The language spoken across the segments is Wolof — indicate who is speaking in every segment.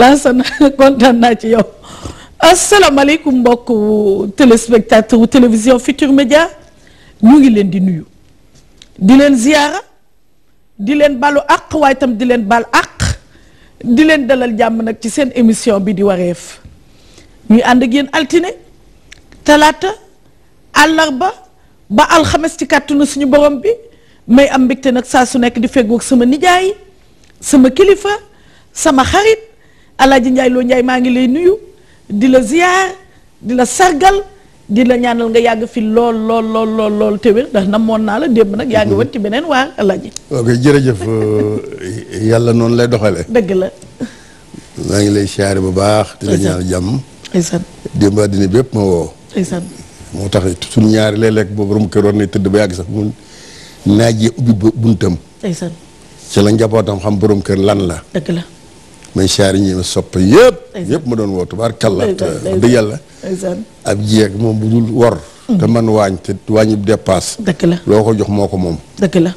Speaker 1: Lassana kontaan naa ci yow asalaamaaleykum mbokk téléspectateur télévision Futur Média mu ngi leen di nuyu di leen ziyaara di leen balu àq waaye itam di leen bal àq di leen dalal jàmm nag ci seen émission bi di wareef ñuy ànd ak yéen altine talaata àllarba ba alxames ci kàttanu suñu borom bi may am mbégte nag saa su nekk di feggoog sama nijaay sama kilifa sama xarit Alaaji Njaay Loo Njaay maa ngi lay nuyu di la ziyaar di la sargal di la ñaanal nga yàgg fi lool lool lool lool lool te wér naa la démb nag yaa ngi woon ci beneen waa Alaaji
Speaker 2: ok jërëjëf euh, yàlla noonu lay doxale dëgg la maa ngi lay siyaare bu baax di la ñaanal jàmm ndeysaan démb àddina bépp ma woo moo tax suñ ñaari léeg-léeg boobu borom kër war na tëdd ba yàgg sax mun naaj yi ubbi buntam ci la njabootam xam boroom kër lan la may yi ñi ma sopp yëpp yëpp ma doon woo tubaarkàlla dëgg yàlla ab jeeg moom bu dul wor te mm-hmm. man waañ te waañub dépasse dëgg loo ko jox moo ko moom dëgg la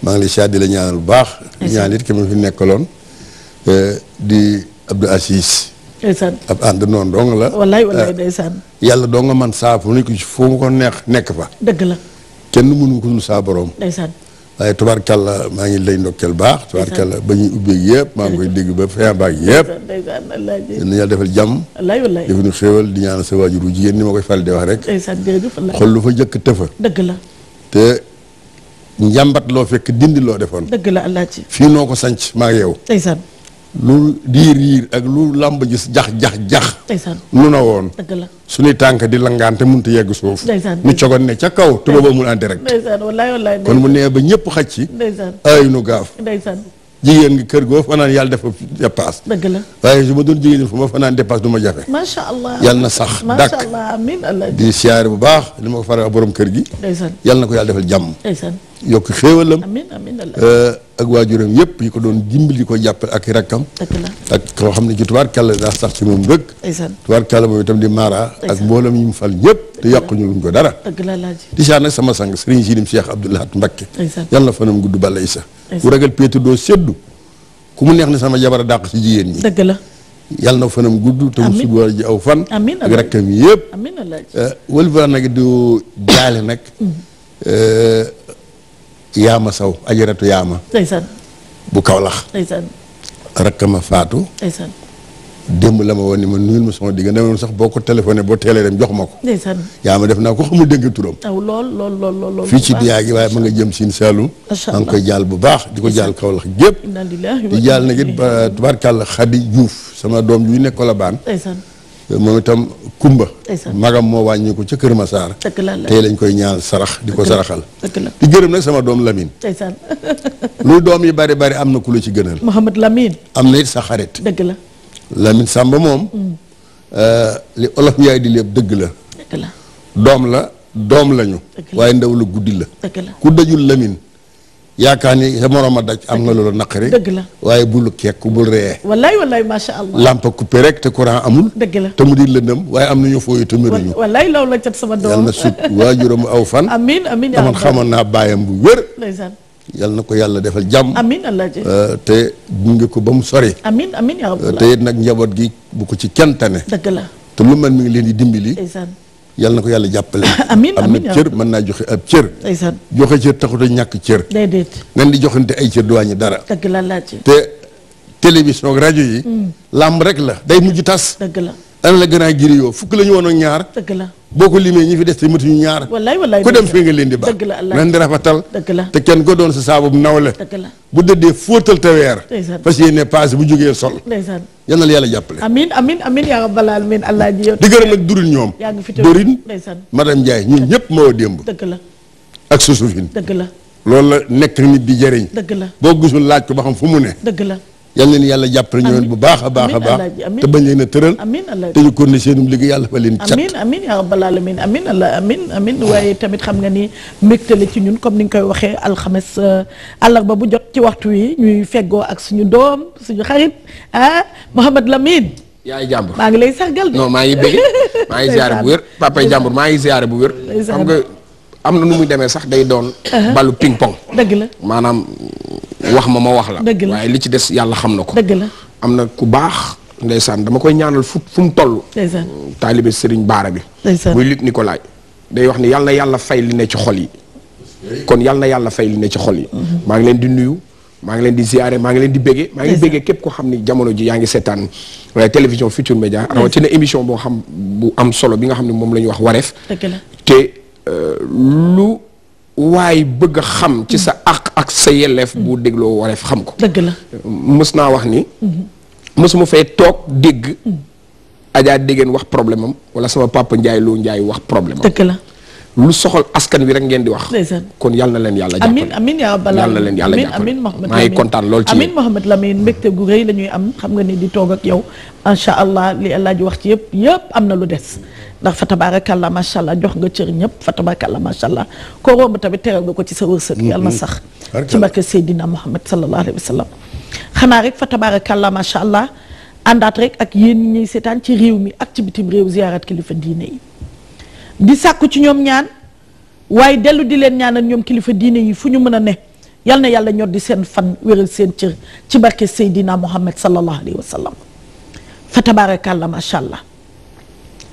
Speaker 2: maa ngi lay siyaar di la ñaanal bu baax ñaan it ki ma fi nekkaloon eh, di Abdou Assis ab ànd noonu dong la eh, yàlla doo nga man saa fu ne ko foo ko neex nekk fa dëgg la kenn mënu ko dul saa borom waaye la maa ngi lay ndokkeel baax la ba ñuy ubbee yëpp maa ngi koy dégg ba fin baag yëpp nañu yàlla defal jàmm defi nu xéewal di ñaanal sa waajur wu jigéen ni ma koy faral di wax rek xol lu fa jëkk tëfa te njàmbat loo fekk dindi loo defoon fii noo ko sanc maa ngi yow lu riir riir ak lu làmb gis jax jax jax. nu na woon. dëgg la tànk di langaante mun a yegg suuf. nu cogoon ne ca kaw te boobu amul indirect. kon mu nee ba ñëpp xaj ci. ay nu gaaf. jigéen ngi kër goo fanaan yàlla def dépasse. waaye su ma doon jigéen fu ma fanaan dépasse duma ma jafe. yàlla na sax. macha
Speaker 3: allah dàkk
Speaker 1: di
Speaker 2: siyaare bu baax li ma ko faral borom kër gi. yàlla na ko yàlla defal jàmm. yokk xéewalam amiin
Speaker 3: amiin
Speaker 1: eh,
Speaker 2: ak waajuram yëpp yi ko doon dimbali di ko jàppale ak rakkam ak koo xam ne ci tubaar kàlla daa sax ci moom rek tubaar kàlla moom itam di maara ak mboolam yi mu fal ñëpp te yàquñu luñ ko dara di saa nag sama sang sëriñ Sidim Cheikh Abdoul Ahad Mbacké yàlla na fanam gudd bala isa ku ragal doo seddu ku mu neex ne sama jabar dàq ci jigéen ñi dëgg na fanam gudd te mu sudwar ji aw fan ak rakkam yi yëpp amiin wëlbaa di jaale nag
Speaker 3: mm-hmm.
Speaker 2: eh, yaama saw ajaratu yaama ndeysaan bu Kawlax ndeysaan rakk ma faatu démb la ma woon ni ma nuyul ma sama digga dama sax boo ko téléphoné boo teelee dem jox ma ko yaa ma def naa ko xamul dégg turam
Speaker 3: aw lool fii ci diyaa gi
Speaker 2: waaye ma nga jëm siin Saalum maa ngi koy jaal bu baax di ko jaal Kawlax gépp di jaal nag it tubaarkàlla Xadi Juuf sama doom ju nekk Colobane ndeysaan moom itam kumba magam moo wàññi ko ca Kër Masaar
Speaker 3: tey
Speaker 2: lañ koy ñaan sarax di ko saraxal di gërëm nag sama doom Lamine lu doom yi bari bari am na ku la ci gënal
Speaker 3: Mouhamad Lamine
Speaker 2: am na it sa xarit dëgg la Lamine Samba moom mm. eh, li olof yaay di lépp dëgg la doom la doom lañu waaye ndaw la guddi la ku dajul Lamine yaakaar ni sa morom a daj am nga loolu naqari dëgg la waaye bul kekk bul reyee
Speaker 3: wallaay wallaay macha allah
Speaker 2: lampe coupé rek te courant amul dëgg te mu di lëndëm waaye am nañu fooyu te mënuñu
Speaker 1: wallaay loolu la cat sama doom yàlla na sut waajuram aw fan amin amin man xamoon
Speaker 2: naa baayam bu wër ndeysaan yàlla na ko yàlla defal jàmm amin
Speaker 1: alaaji euh,
Speaker 2: te gunge ko ba mu sori
Speaker 1: amin amin yaa euh, te
Speaker 2: nag njaboot gi bu ko ci kentane dëgg te lu mel mi ngi leen di dimbali yàlla na ko yàlla jàppale. amiin amiin am na cër mën naa joxe ab cër. ndeysaan joxe cër taxut a ñàkk cër. déedéet ngeen di joxante ay cër du wàññi dara.
Speaker 3: dëgg la laaj te
Speaker 2: télévision ak rajo yi. Mm. làmb rek la day mujj tas. dëgg la. ana la gën a fukk la ñu ñaar. dëgg boo ko limee ñi fi des te matuñu ñaar.
Speaker 3: wallaay wallaay ku dem fii
Speaker 2: nga leen di baax. dëgg
Speaker 3: la
Speaker 1: nan rafetal. te
Speaker 2: kenn ko doon sa saabu nawle. dëgg la bu dëddee fóotal te weer. parce que yéen passé bu jógee sol. ndeysaan yal na la yàlla jàppale.
Speaker 1: amiin amiin amiin yaa rabbal
Speaker 3: aalamiin allah ji
Speaker 1: yow. di gërëm nag
Speaker 2: durin ñoom. yaa ngi
Speaker 3: fi
Speaker 2: ñun ñëpp moo démb. la ak susufin. dëgg la loolu la nekk nit di jëriñ. dëgg la boo gisul laaj ko ba xam fu mu ne. dëgg la yal leen yàlla jàppale ñoom bu baax a baax a baax te bañ leen a tëral te ñu kon ne seenum liggéey yàlla fa leen cat amin
Speaker 1: amin yaa rabbal alamin waaye tamit xam nga ni mbégte la ci ñun comme ni nga koy waxee alxames euh, àllarba bu jot ci waxtu wi ñuy feggoo ak suñu doom suñu xarit ah Mouhamad Lamine
Speaker 4: yaay jàmbur maa
Speaker 1: ngi lay sargal de non maa ngi bëgg maa ngi ziare bu
Speaker 4: wér papay jàmbur maa ngi ziare bu wér xam am na nu muy demee sax day doon. balu ping pong. la maanaam wax ma ma wax la. dëgg la waaye li ci des yàlla xam na ko. dëgg la am na ku baax. nday ndeysaan dama koy ñaanal fu fu mu toll. ndeysaan sëriñ Baara bi. ndeysaan muy Luc Nicolaï day wax ni yàlla na yàlla fay li ne ci xol yi. kon yàlla yàlla fay li ne ci xol yi. Mhm. maa ngi leen di nuyu. maa ngi leen di ziare maa ngi leen di bége maa ngi bége képp ko xam ni jamono ji yaa ngi seetaan euh, télévision Futurs Médias rawatina émission boo xam bu am solo bi nga xam ne moom la ñu wax wareef lu waaye bëgg a xam ci sa àq ak sa yelleef bu dégloo wareef xam ko dëgg la mës naa wax ni mhm. mësuma fay toog dégg mhm. ajaa déggeen wax problème am wala sama papa Ndiaye loo njaay wax problème am dëgg la lu soxal askan wi rek ngeen di wax kon yal na leen yàlla jàppale amin
Speaker 1: amin yaa bala yal na leen yàlla jàppale amin Mohamed maa ngi kontaan lool ci amin Mohamed Lamine mbégte gu rëy la ñuy am xam nga ni di toog ak yow incha allah li El wax ci yëpp yëpp am na lu des ndax fa tabaarakàlla macha allah jox nga cër ñëpp fa tabaarakàlla macha allah koo romb tamit teral nga ko ci sa wërsëg mm-hmm. yàlla na sax ci barke Seydina Muhammad sallallahu alayhi wa sallam xanaa rek fa tabaarakàlla kàlla allah àndaat rek ak yéen ñi ñuy seetaan ci réew mi ak ci bitim kilifa diine yi di ci ñoom ñaan waaye dellu di leen ñaanal ñoom kilifa diine yi fu ñu mën a ne yal na yàlla ñor di seen fan wéral seen cër ci barke Seydina Muhammad sallallahu alayhi wa sallam fa tabaarakàlla macha allah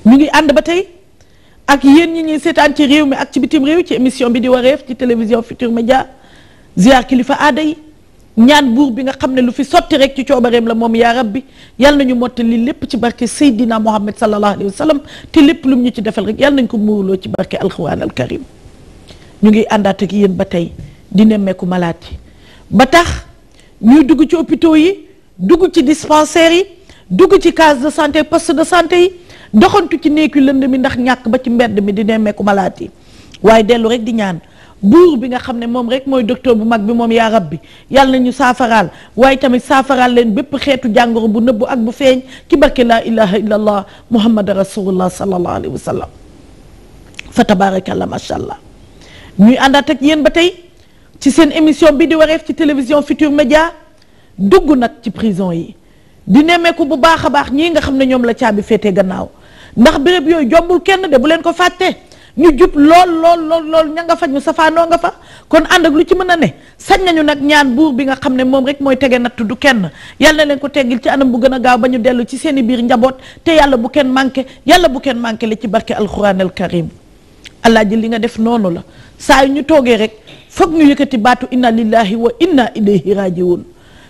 Speaker 1: mi ngi ànd ba tey ak yéen ñi ñuy seetaan ci réew mi ak ci bitim réew ci émission bi di wareef ci télévision Futur Média ziar kilifa aada yi ñaan buur bi nga xam ne lu fi sotti rek ci coobareem la moom yaa rabbi yal ñu nañu mottali lépp ci barke Seydina Mohamed sallallahu alayhi wa sallam te lépp lum ñu ci defal rek yal nañ ko muurloo ci barke alquran al karim ñu ngi àndaat ak yéen ba tey di nemmeeku malaat yi ba tax ñuy dugg ci hôpitaux yi dugg ci dispensaires yi dugg ci case de santé poste de santé doxantu ci néeg lënd mi ndax ñàkk ba ci mbedd mi di nemmeeku malaat yi waaye dellu rek di ñaan buur bi nga xam ne moom rek mooy docteur bu mag bi moom yaa rab bi yàlla ñu saafaraal waaye tamit saafaraal leen bépp xeetu jàngoro bu nëbbu ak bu feeñ ci barke laa ilaha illallah muhammad rasulullah sallallahu alayhi wa sallam fa tabarakallah macha allah ñuy àndaat ak yéen ba tey ci seen émission bi di wareef ci télévision Futur Média dugg nag ci prison yi di nemmeeku bu baax a baax ñii nga xam ne ñoom la caabi féetee gannaaw ndax béréb yooyu jombul kenn de bu leen ko fàttee ñu jub lool lool lool lool ña nga fa ñu safaanoo nga fa kon ànd ak lu ci mën a ne sañ nañu nag ñaan buur bi nga xam ne moom rek mooy tege natt du kenn yàlla na leen ko teggil ci anam bu gën a gaaw ba ñu dellu ci seeni biir njaboot te yàlla bu kenn manqué yàlla bu kenn manqué la ci barke alxuraan al karim allah ji li nga def noonu la saa yu ñu toogee rek foog ñu yëkkati baatu inna lillahi wa inna ilayhi rajiwun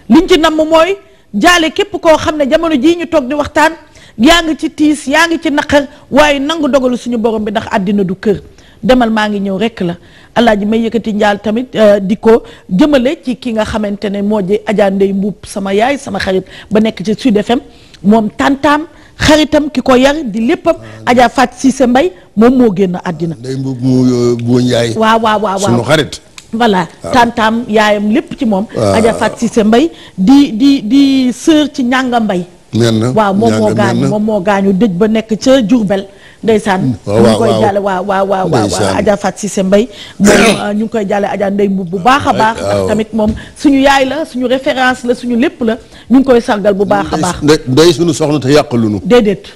Speaker 1: liñ ci namm mooy jaale képp koo xam ne jamono jii ñu toog di waxtaan yaa ngi ci tiis yaa ngi ci naqar waaye nangu dogalu suñu borom bi ndax àddina du kër demal maa ngi ñëw rek la alaaji may yëkkati njaal tamit euh, di ko jëmale ci ki nga xamante ne moo di Adja Ndeye Mbuub sama yaay sama xarit ba nekk ci Sud moom tantaam xaritam ki ko yar di léppam Adja Faat Cissé Mbay moom moo génn àddina
Speaker 2: Ndeye Mbuub mu euh, bu Njaay waaw waaw
Speaker 1: waaw xarit voilà tantaam yaayam lépp ci moom Adja Faat Cissé Mbay di di di sœur ci ñànga mbay meen na waaw moom moo gaañu moom moo gaañu dëj ba nekk ca Diourbel ndeysaan mm, ñu ngi koy jàlle waaw waaw waaw waaw Adja Fat Cissé Mbaye moom euh, ñu ngi koy jàlle Adja Ndeye Mbub bu baax a baax ndax tamit moom suñu yaay la suñu référence la suñu lépp la ñu ngi koy sargal bu baax a baax
Speaker 2: ndey suñu soxna te yàqaluñu déedéet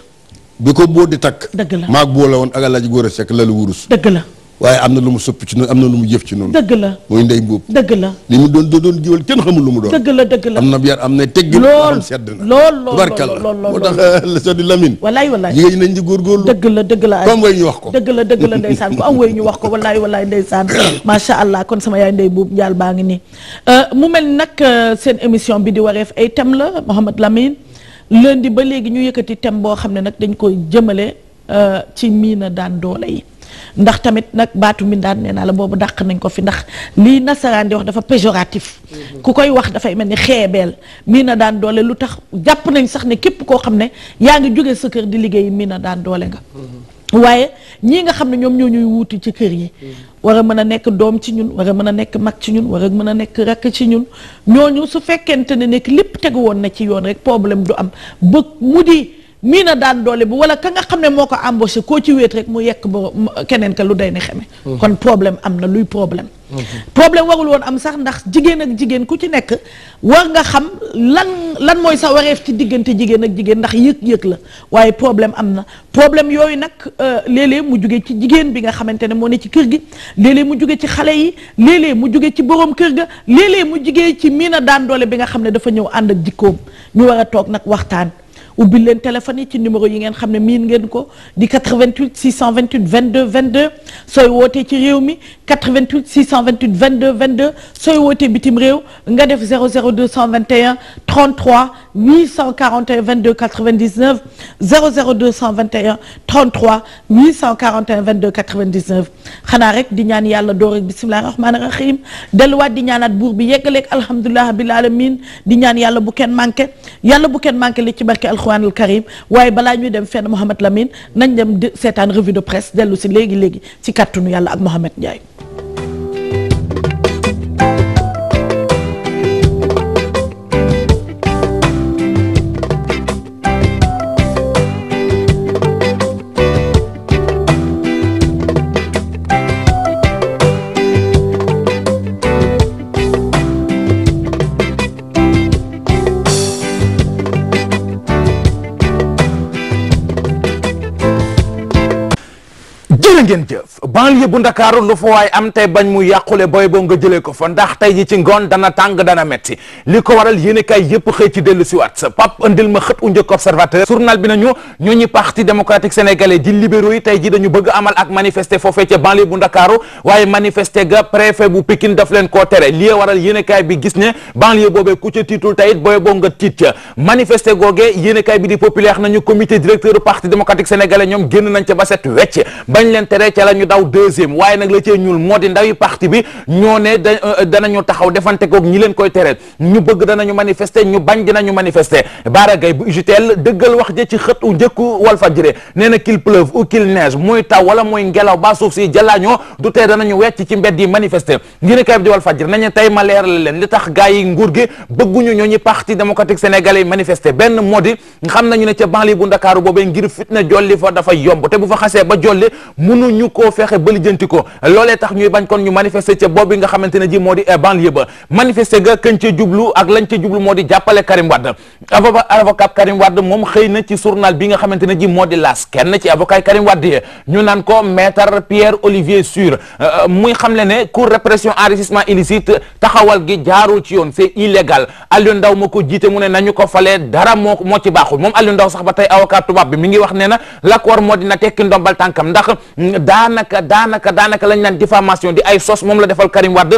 Speaker 2: bi ko boo di takk dëgg la maag boo la woon ak Alaaji Góor a Sekk lalu wurus dëgg la waaye am na lu mu soppi ci noonu am na lu mu jëf ci noonu. dëgg la mooy ndey mbuub. dëgg la li mu doon doon giwal kenn xamul lu mu doon. dëgg
Speaker 3: la dëgg
Speaker 1: la am
Speaker 2: na yar am na teggin. lool sedd na
Speaker 3: lool
Speaker 1: lool barkal la moo tax
Speaker 2: la sedd Lamine.
Speaker 3: wallaay
Speaker 1: nañ di góorgóorlu.
Speaker 2: dëgg dëgg la ay comme way ñu wax ko.
Speaker 1: dëgg la dëgg la ndeysaan ku am way ñu wax ko wallaay wallaay ndeysaan macha allah kon sama yaay ndey mbuub njaal baa ngi nii. Euh, mu mel nag euh, seen émission bi di wareef ay thème la Mouhamed Lamine di ba léegi ñu yëkkati thème boo xam ne nag dañ koy jëmale euh, ci miina daan doole yi ndax tamit nag baatu mbindaan nee naa la boobu dàq nañ ko fi ndax lii nasaraan di wax dafa péjoratif mhm. ku koy wax dafay mel ni xeebeel mii na daan doole lu tax jàpp nañ sax ne képp koo xam ne yaa ngi jóge sa kër di liggéey mii na daan doole nga mhm. waaye ñii nga xam ne ñoom ñoo ñuy wuuti ci kër yi mhm. war a mën a nekk doom ci ñun war a mën a nekk mag ci ñun war a mën a nekk rakk ci ñun ñoo ñooñu su fekkente ne nekk lépp tegu woon na ci yoon rek problème du am mii na daan doole bu wala ka nga xam ne moo ko embauché koo ci wéet rek mu yekk ba keneen ka lu day ne xeme mm-hmm. kon problème am na luy problème mm-hmm. problème warul woon am sax ndax jigéen ak jigéen ku ci nekk war nga xam lan lan mooy sa wareef ci diggante jigéen ak jigéen ndax yëg-yëg la waaye problème am na problème yooyu nag euh, léeg-léeg mu jóge ci jigéen bi nga xamante ne moo ne ci kër gi léeg mu juge ci xale yi léeg mu jóge ci borom kër ga léeg mu jóge ci miina daan doole bi nga xam ne dafa ñëw ànd ak jikkoom ñu war a toog nag waxtaan ubbi leen téléphone yi ci numéro yi ngeen xam ne miin ngeen ko di 88 628 22 22 sooy wootee ci réew mi 88 628 22 22 sooy wootee bitim réew nga def 00221 33 841 22 99 00221 33 841 22 99 xanaa rek di ñaan yàlla door ak bisimilah rahmaani rahim delluwaat di ñaanaat buur bi yeggaleeg alhamdulilah bil alamin di ñaan yàlla bu kenn manqué yàlla bu kenn manqué li ci barke alquranul karim waaye balaa ñuy dem fenn Mouhamed Lamine nañ dem seetaan revue de presse dellu si léegi léegi ci kàttanu yàlla ak Mouhamed Ndiaye.
Speaker 5: jërë ngeen jëf banlieue bu ndakaaru lu fa waay am tey bañ mu yàqule boy nga jëlee ko fa ndax tey ji ci ngoon dana tàng dana metti li ko waral yéenekaay yépp xëy ci dellu si waat pap andil ma xët u njëkk observateur journal bi nañu ñoo ñi parti démocratique sénégalais di libéraux yi tey ji dañu bëgg amal ak manifester foofee ca banlieue bu ndakaaru waaye manifester ga préfet bu Pikine daf leen koo tere li waral yéenekaay bi gis ne banlieue boobee ku ca intérêt ca la ñu daw deuxième waaye nag la cee ñuul moo di ndawi parti bi ñoo ne euh, euh, dana ñu taxaw defante koog ñi leen koy tere ñu bëgg dana ñu manifester ñu bañ dinañu manifester Bara Gaye bu UJTL dëggal wax ja ci xët u njëkku Walfadjri nee na qu'il pleuve ou qu'il neige muy taw wala muy ngelaw ba suuf si jëlaañoo du tee ñu wecc ci mbedd yi manifester ngi ne kay bi di Walfadjri nañu tey ma leeral leen li tax gars yi nguur gi bëgguñu ñoo ñi parti démocratique sénégalais yi manifester benn moo xam nañu ne ca banlieue bu Ndakaaru boobee ngir fitna jolli fa dafa yomb te bu fa xasee ba jolli mënuñu koo fexe ba lijjanti ko loolee tax ñuy bañ kon ñu manifester ca boobu nga xamante ne ji moo di eh, banlieue ba manifester ga kañ ca jublu ak lañ ca jublu moo di jàppale Karim Wade avocat Karim Wade moom xëy na ci journal bi nga xamante ne ji moo di laas kenn ci avocat Karim Wade yi ñu naan ko maître Pierre Olivier Sur euh, euh, muy xamle ne cour répression enrichissement illicite taxawal gi jaarul ci yoon c'est illégal Aliou Ndao ma ko jiite mu ne nañu ko falee dara moo moo ci baaxul moom Aliou sax ba tey avocat tubaab bi mi ngi wax ne na la ko war moo dina tekki ndombal tànkam ndax daanaka daanaka daanaka lañ naan diffamation di ay sos moom la defal Karim Wade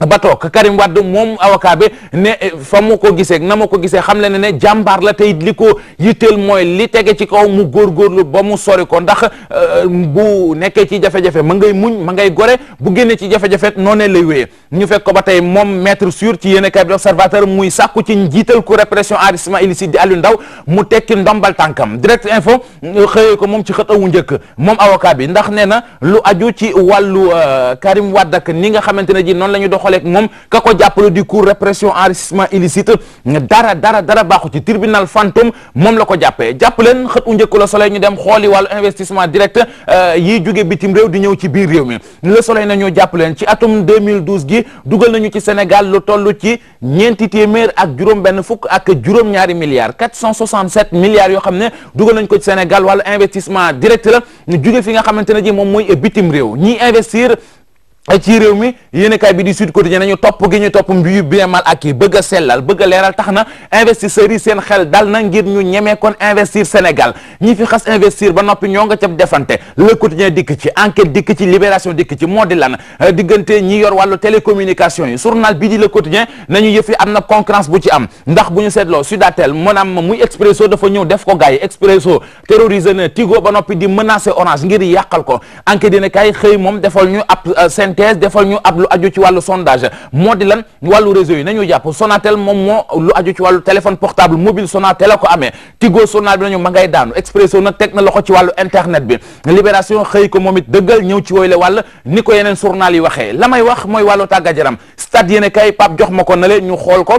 Speaker 5: ba ka Karim Wade moom avocat bi ne eh, fa mu ko gisee na ma ko gisee xam le ne ne jàmbaar la tey li ko yitteel mooy li tege ci kaw mu góorgóorlu ba mu sori ko ndax euh, bu nekkee ci jafe-jafe ma ngay muñ ma ngay gore bu génne ci jafe-jafe noonee lay wéyee ñu fekk ko ba tey moom maître sûr ci yéen kay bi observateur muy sàkku ci njiital ku répression enrichissement illicite di Aliou Ndao mu tekki ndombal tànkam direct info euh, xëyee ko moom ci xët awu njëkk moom avocat bi ndax nee na lu aju ci wàllu euh, Karim Wade ak ni nga xamante ne ji noonu la ñu doxal doxaleeg moom ka ko jàppale du cour répression enrichissement illicite dara dara dara baaxu ci tribunal fantôme moom la ko jàppee jàppaleen leen xët u njëkk la Soleil ñu dem xooli wala investissement direct euh, yi juge bitim réew di ñëw ci biir réew mi le Soleil nañu jàpp leen ci atum 2012 gi dugal nañu ci Sénégal lu toll ci ñeenti téeméer ak juróom benn fukk ak juróom ñaari milliards 467 milliards yoo xam ne dugal nañ ko ci Sénégal wala investissement direct la ñu jóge fi nga xamante ne ji moom mooy bitim réew ñi investir ci réew mi yéenekaay bi di Sud Quotidien nañu topp gi ñu topp mbiyu bien ak yi bëgg sellal bëgg leeral tax na investisseurs yi seen xel dal na ngir ñu ñemee kon investir Sénégal ñi fi xas investir ba noppi ñoo nga ca defante Le Quotidien dikk ci enquête dikk ci libération dikk ci moo di lan euh, diggante ñi yor wàllu télécommunication yi journal bii di Le Quotidien nañu yëf yi am na concurrence bu ci am ndax bu ñu seetloo Sudatel maanaam muy Expresso dafa ñëw def ko ba noppi di menacer Orange ngir yàqal ko enquête dina synthèse defal ñu ab lu aju ci wàllu sondage moo di lan wàllu réseau yi na nañu jàpp Sonatel moom moo lu aju ci wàllu téléphone portable mobile Sonatel a ko amee Tigo Sonal bi nañu ma ngay daanu Expresso na teg na loxo ci wàllu internet bi Libération xëy ko moom it dëggal ñëw ci woyle wàll ni ko yeneen journal yi waxee la may wax mooy wàllu tàggat yaram stade yéene kay Pape jox ma ko na nale ñu xool ko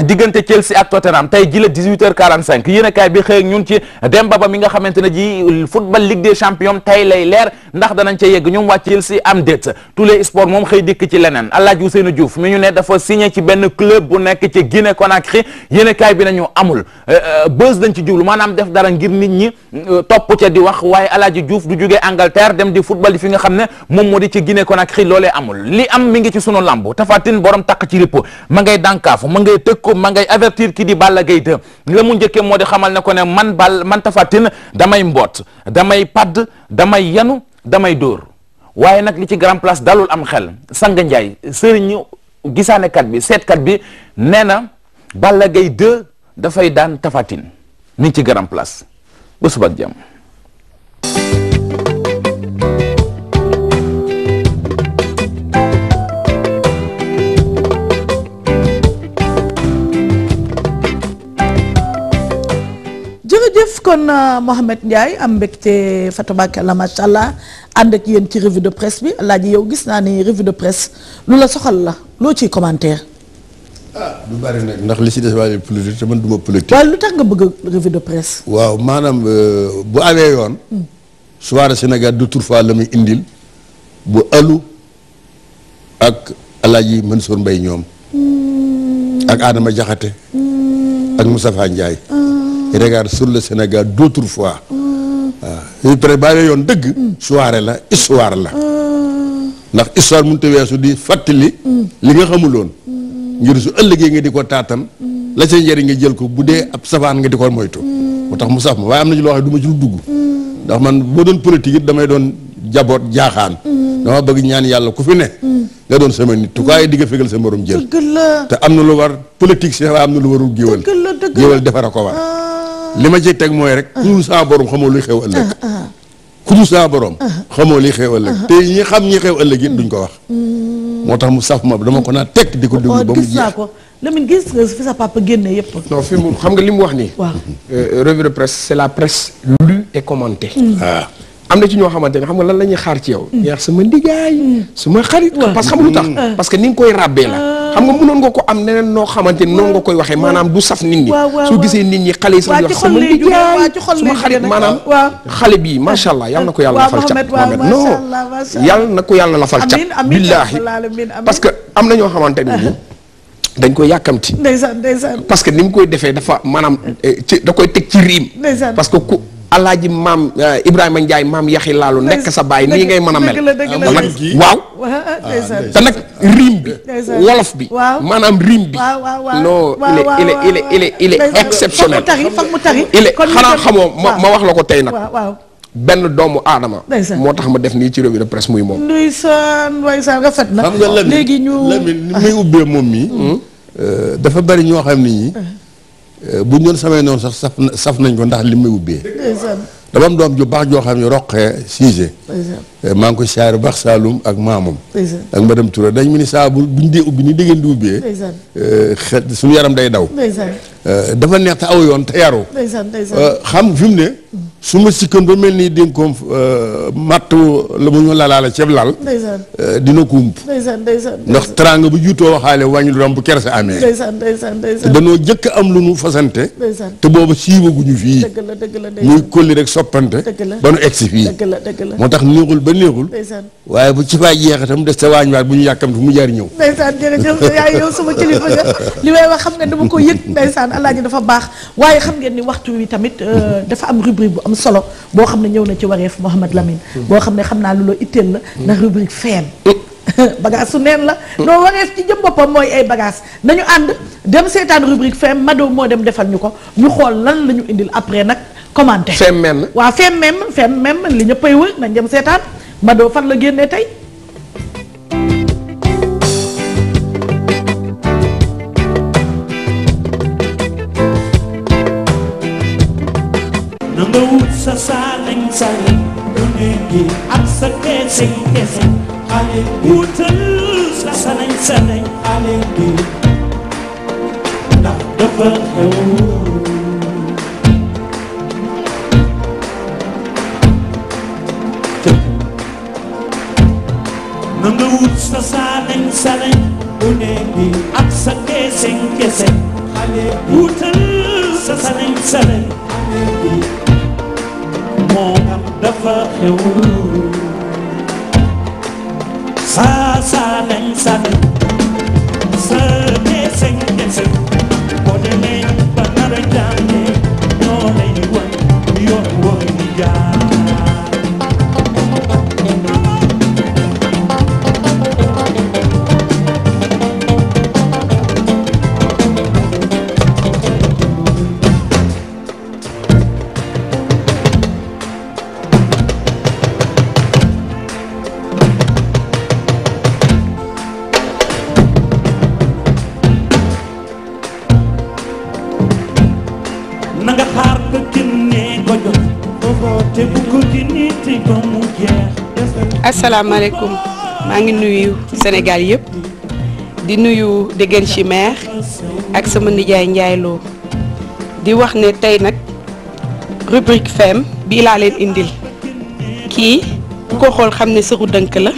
Speaker 5: diggante Chelsea ak Tottenham tey ji la 18 a kaay bi xëy ci Demba Ba mi nga xamante ne ji football Ligue des champions tey lay leer ndax danañ ca yegg ñoom waa Chelsea am déet tous les sports moom xëy dikk ci leneen El Hadj Ousseynou Diouf mi ñu ne dafa signé ci benn club bu nekk ci Guinée Conakry yéen a kaay bi nañu amul euh, euh, buzz dañ ci jublu maanaam def dara ngir nit ñi euh, topp ca di wax waaye El Hadj Diouf du jugee Angleterre dem di football fi nga xam ne moom moo di ci Guinée Conakry loolee amul li am mi ngi ci sunu lambu Tapha Tine borom takk ci ripp ma ngay dànkaafu ma ngay tëkk kooku ma ngay avertir ki di Balla Gaye 2 la mu njëkkee moo di xamal ne ko ne man bal man Tapha Tine damay mboot damay padd damay yenu damay dóor waaye nag li ci grand place dalul am xel Sanga Ndiaye sëriñu gisaanekat bi seetkat bi nee na Balla gay 2 dafay daan Tapha Tine ni ci grand place ba suba ak jàmm
Speaker 1: kon euh, Mohamed Ndiaye am mbégte fatabaakalla macha allah ànd ak yéen ci revue de presse bi laaj yow gis naa ni revue de presse lu la soxal la loo ciy commentaire.
Speaker 2: ah du ndax li si des waaye man du ma
Speaker 3: lu tax nga bëgg revue de presse.
Speaker 2: waaw maanaam euh, bu awee yoon. Hmm. soirée Sénégal de fois la mu indil bu alu ak El Hadj Mansour Mbaye ñoom. Hmm. ak Adama Diakhaté. Hmm. ak Moustapha Ndiaye. Ah. regarde sur le Sénégal d'autrefois waaw ah, préparé yoon dëgg soirée la histoire la ndax histoire mun te weesu di fàttali li nga xamuloon ngir su ëllëgee nga di ko taatan la ca njëriñ nga jël ko bu dee ab safaan nga di ko moytu moo tax mu saf ma waaye am na ñu loo xam du ma ci dugg ndax man boo doon politique it damay doon jaboot jaaxaan dama bëgg ñaan yàlla ku fi ne nga doon sama nit tukaay di nga fegal sa morom jël te am na lu war politique si waaye am na lu warul géwal géwal defara ko war ah. li ma ciy teg mooy rek. ku dul saa borom xamoo luy xew ëllëg. Ah, ah. ku dul saa borom. Ah. xamoo liy xew ëllëg. te ñi xam ñi xew ëllëg it duñ ko wax.
Speaker 3: Mm.
Speaker 2: moo tax mu saf ma dama ko naa teg di ko déglu oh, ba mu jeex
Speaker 3: ko Lamine gis nga
Speaker 4: yëpp. non fi xam nga li mu wax nii. waaw euh, revue de c'est la presse lue et commentée. waaw. Mm. am na ci ñoo xamante ne xam nga lan la ñuy xaar ci yow. Mm. yaa sama ndigaay. sama xarit. parce que parce que ni nga koy ràbbee la. xam nga mënoon nga ko am neneen noo xamante ni noonu nga koy waxee maanaam du saf nit ñi soo gisee nit ñi xale yi sax wax sama nijaay sama xarit maanaam xale bii macha allah yal na ko yàlla lafal cat Mohamed non yal na ko yàlla lafal cat billaahi parce que am na ñoo xamante ni dañ koy yàkkamti
Speaker 1: ndeysaan
Speaker 3: ndeysaan
Speaker 4: parce que ni mu koy defee dafa maanaam eh, ci da koy teg ci riim parce que ku alaaji maam eh, Ibrahima Ndiaye maam yaxi laalu nekk sa baay nii ngay mën a mel nag waaw
Speaker 3: ah, ah, ah,
Speaker 1: te nag
Speaker 4: riim bi wolof bi maanaam riim bi non il est il est il est
Speaker 1: xanaa xamoo ma wax la ko tey nag
Speaker 4: benn doomu aadama moo tax ma def nii ci revue de presse muy moom
Speaker 3: ndeysaan ndeysaan rafet na xam nga léegi ñu Lamine
Speaker 2: muy ubbee moom mi hmm? eh, dafa bari ñoo xam ni Euh, bu ñu doon samay noonu sax saf saf nañ ko ndax li may ubbee. dama am doom ju baax joo xam ne roqee siise Eh, maa ngi koy siyaare baax Saloum ak maamam ak ma madame Touré dañ mu ni saa bu buñ dee ubbi ni déggeen di ubbee eh, xel suñu yaram day daw
Speaker 3: eh,
Speaker 2: dafa neex te aw yoon te yaru xam fi mu ne su ma sikkan ba mel nii dénkoom matt la mu ñu lalaala ceeb lal dina ko ump ndax teraanga bu juutoo waxaale wàññi lu am bu kersa amee danoo jëkk am lu nu fasante te boobu siiwaguñu fii muy kolli rek soppante ba nu egsi fii moo tax néexul ba neexul. waaye bu ci faa jeexitam des te waañ waat bu ñu yàkkamti mu jaar ñëw. ndeysaan jërëjëf yaay yow sama kilifa nga li
Speaker 3: may wax xam nga dama
Speaker 2: ko yëg ndeysaan
Speaker 1: alaaji dafa baax waaye xam ngeen ni waxtu wi tamit euh, dafa am rubrique bu am solo boo xam ne ñëw na ci wareef Mouhamad Lamine. Hmm. boo xam ne xam naa lu la itteel la. Hmm. ndax rubrique feen. Eh. bagage su neen la hmm. noo wareef ci jëm boppam mooy ay bagage nañu ànd dem seetaan rubrique fem Mado moo dem defal ñu ko ñu xool lan la ñu indil après nag commenté fem mem waaw fem mem fem mem li ñëppay wër nañ dem seetaan Mado fan la génnee tey.
Speaker 6: na wut sa saalañ saalañ bu néegi ak sa keeseñ keeseñ xale wutal sa saalañ saalañ xale bi ndax dafa xew na nga wut sa saalañ saalañ bu ne bi ak sa keseñ keseñ xale bi wutal sa saalañ saalañ xale bi dafa xew saa saalañ saalañ
Speaker 7: salaamaaleykum maa ngi nuyu Sénégal yëpp di nuyu Déguène Chimère ak sama nijaay Ndiaye Lo di wax ne tey nag rubrique femme bii laa leen indil kii ku ko xool xam ne sëru dënk la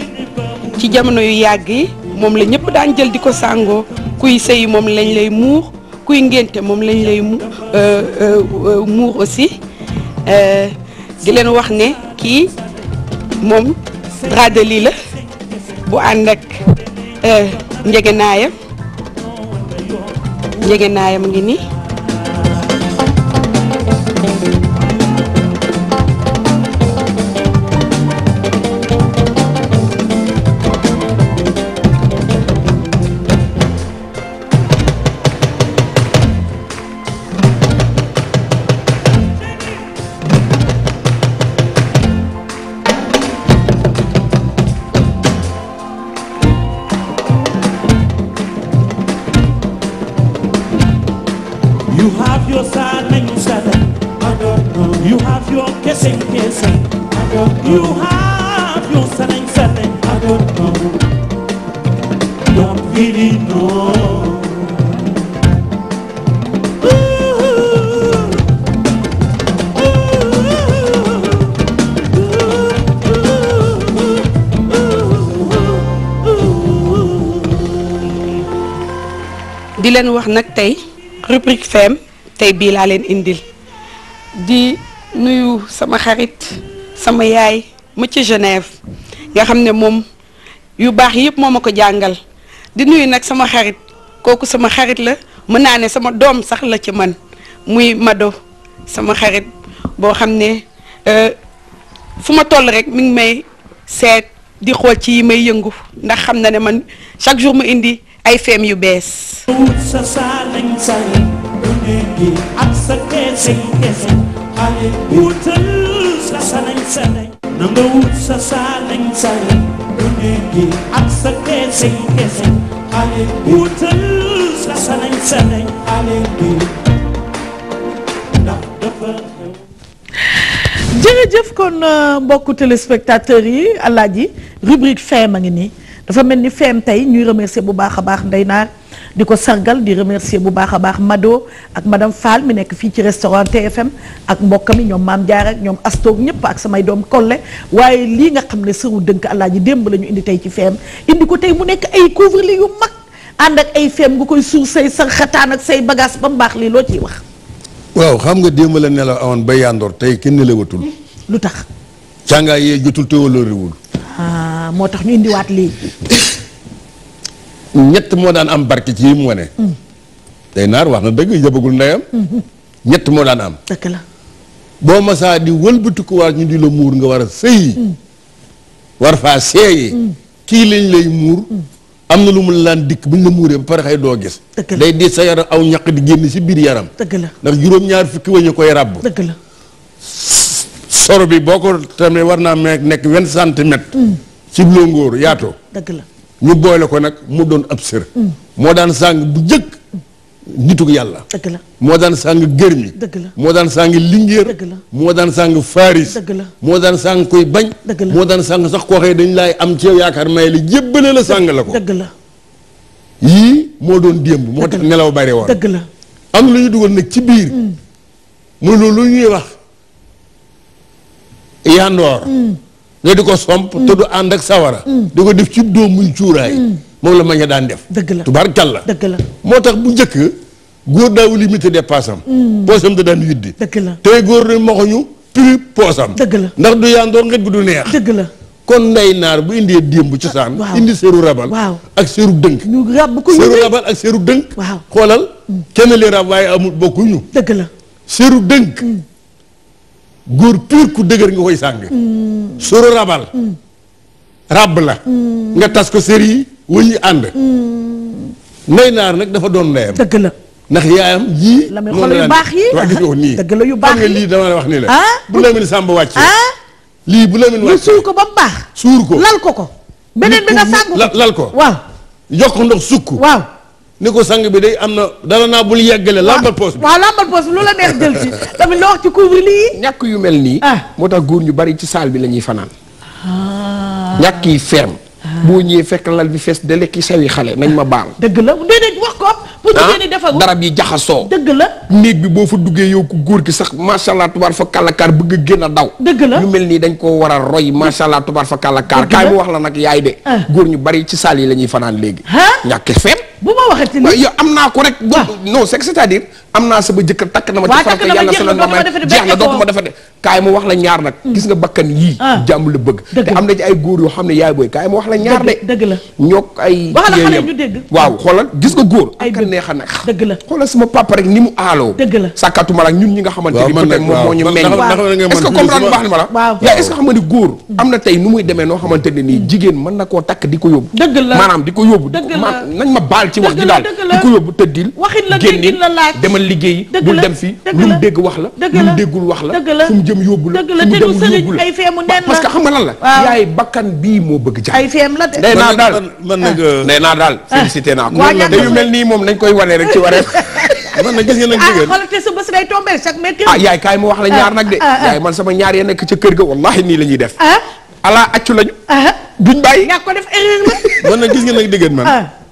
Speaker 7: ci jamono yu yàgg yi moom la ñëpp daan jël di ko sàngoo kuy sëyi moom lañ lay muur kuy ngénte moom lañ lay euh, euh, muur aussi euh, di leen wax ne kii moom drap de lit la bu ànd ak euh, njëgënaayam njëgënaayam ngi nii. leen wax nag tey rubrique femme tey bii laa leen indil di nuyu sama xarit sama yaay ma ci Genève nga xam ne moom yu baax yëpp moo ma ko jàngal di nuyu nag sama xarit kooku sama xarit la mën naa ne sama doom sax la ci man muy Mado sama xarit boo xam ne euh, fu ma toll rek mi ngi may seet di xool ci yi may yëngu ndax xam na ne man chaque jour mu indi ay feem yu bees.
Speaker 1: jërëjëf kon euh, mbokku téléspectateurs yi alaaji rubrique feem a ngi nii. dafa mel ni feem tey ñuy remercier bu baax a baax Ndeye Naar di ko sargal di remercier bu baax a baax madoo ak madame Fall mi nekk fii ci restaurant TFM ak mbokkam mi ñoom maam jaar ak ñoom Astoog ñëpp ak samay doom Kolle waaye lii nga xam ne sëru dënk ji démb la ñu indi tey ci feem indi ko tey mu nekk ay couvre-lit yu mag ànd ak ay feem nga koy suur say sa xataan ak say bagage ba mu baax lii loo ciy wax.
Speaker 2: waaw xam nga démb la nelaw awoon ba yandoor tey kenn nelawatul. lu tax. càngaay yee jotul te
Speaker 1: moo tax ñu indiwaat lii.
Speaker 2: ñett moo daan am barke ci yim wane. Mm. day naar wax na dëgg yëbagul ndeyam. Mm-hmm. ñett moo daan am. dëgg la. boo masaa di wëlbatikuwaat ñu di la muur nga war a sëyi. Mm. war faa seeyi. Mm. kii lañ lay muur. am na lu mu laan dikk bu la muuree ba pare xëy doo gis. day di sa yaram aw ñaq di génn si biir yaram. dëgg la ndax juróom-ñaar fukki wañu koy ràbb. dëgg la. soro bi boo ko tamit war naa mee nekk vingt centimètres. cib lóngóor yaatoo dëgg la boole ko nag mu doon ab sër mm. moo daan sàng bu jëkk nitug yàlla dëgg la moo daan sàng gërmi dëgg la moo daan sàng lingéer dëgg la moo daan sàng faris dëgg la moo daan sàng koy bañ dëgg moo daan sàng sax koo dañ laay am ci yaakaar may la jébbale la sàng la ko yii moo doon démb moo tax nelaw bari woon dëgg la lu ñu dugal nag ci biir mm. muy loolu lu ñuy wax yandoor mm. nga di ko somp te du ànd ak sawara mm. di ko def ci dóom muy cuuraay mm. moom la ma daan def dëgg la tubaarkàlla dëgg la moo tax bu njëkk góor daawul limité des paasam mm. poosam da daan widdi dëgg la tey góor ne maxuñu prix poosam dëgg la ndax du yaandoor nget gu du neex dëgg la kon ndey naar bu indee démb cosaan indi seeru rabal waaw ak seeru dënk ñu ko seeru rabal ak seeru dënk waaw xoolal kenn li rab waaye amul bokkuñu dëgg la seeru dënk góor pur ku dëgër nga koy sàng soro rabal ràbb la nga tas ko séri yi wëññi ànd ndey naar nag dafa doon ndeyam dëgg la ndax yaayam yii la may xool yu baax yi waa gis nga nii dëgg la yu baax yi lii dama la wax nii la ah? bu Lamine Samba wàccee ah? lii bu Lamine wàccee suur ko ba mu baax suur ko lal ko ko beneen bi nga sàng ko lal ko waaw ndox sukk ni ko sang bi de am na dara naa bul yeggale. lambal poos bi waaw bi lu la neex jël tamit loo wax ci couvre lii. ñàkk yu mel nii. Ah. moo
Speaker 4: tax góor ñu bari ci saal bi la ñuy fanaan. Ah. ñàkk yi ferme. Ah. boo ñëwee fekk lal bi fees de lekki sawi xale nañ ma baal. dëgg la déedéet wax ko. jaxasoo. dëgg la néeg boo fa duggee yow ku góor gi sax macha allah tubaar fa kàllakaar bëgg a a daw. dëgg la yu mel nii dañ koo war a roy macha allah tubaar fa kàllakaar. dëgg wax la nag yaay de. góor ñu bari ci saal yi la ñuy fanaan léegi. ñàkk ferme bu ma waxati li am naa ko rek. non c'est am naa sama jëkkër takk na ma. waaw takk na ma jeex na dootuma defati kaay ma wax la ñaar nag. Hmm. gis nga bakkan yii. Ah. jàmm la bëgg. te am na ci ay góor yoo yaay booy kaay ma wax la ñaar de. waaw xoolal gis nga góor. ay dëgg neex a neex. sama papa rek ni mu aaloo. dëgg la sàkkatuma la ñun ñi nga xamante ni peut-être moom moo ñu meññ. est-ce que comprendre muy demee noo xamante ne nii jigéen mën na koo takk di ko yóbbu. dëgg la maanaam di ko yóbbu. dëgg nañ ma baal daal ci wax ji daal di ko yóbbu tëddil génnil demal liggéeyi bul dem fi lu mu dégg wax la lu mu déggul wax la
Speaker 2: fu mu jëm yóbbu la
Speaker 4: fu mu demul yóbbu
Speaker 1: la parce que xam nga lan la yaay
Speaker 4: bakkan bii moo bëgg ay
Speaker 1: feem la day naa daal
Speaker 4: man nag day ah. euh, naa daal ah. félicité naa ko dañu mel nii moom nañ koy wanee rek ci waree man na gis ngeen nag ah, jigéen ah
Speaker 1: te su bés day tombé chaque mercredi ah yaay kaay ma wax la ñaar nag de yaay
Speaker 4: man sama ñaar ya nekk ca
Speaker 2: kër ga wallahi nii la ñuy def ala accu lañu duñ bàyyi ñaa ko def erreur la man na gis ngeen nag man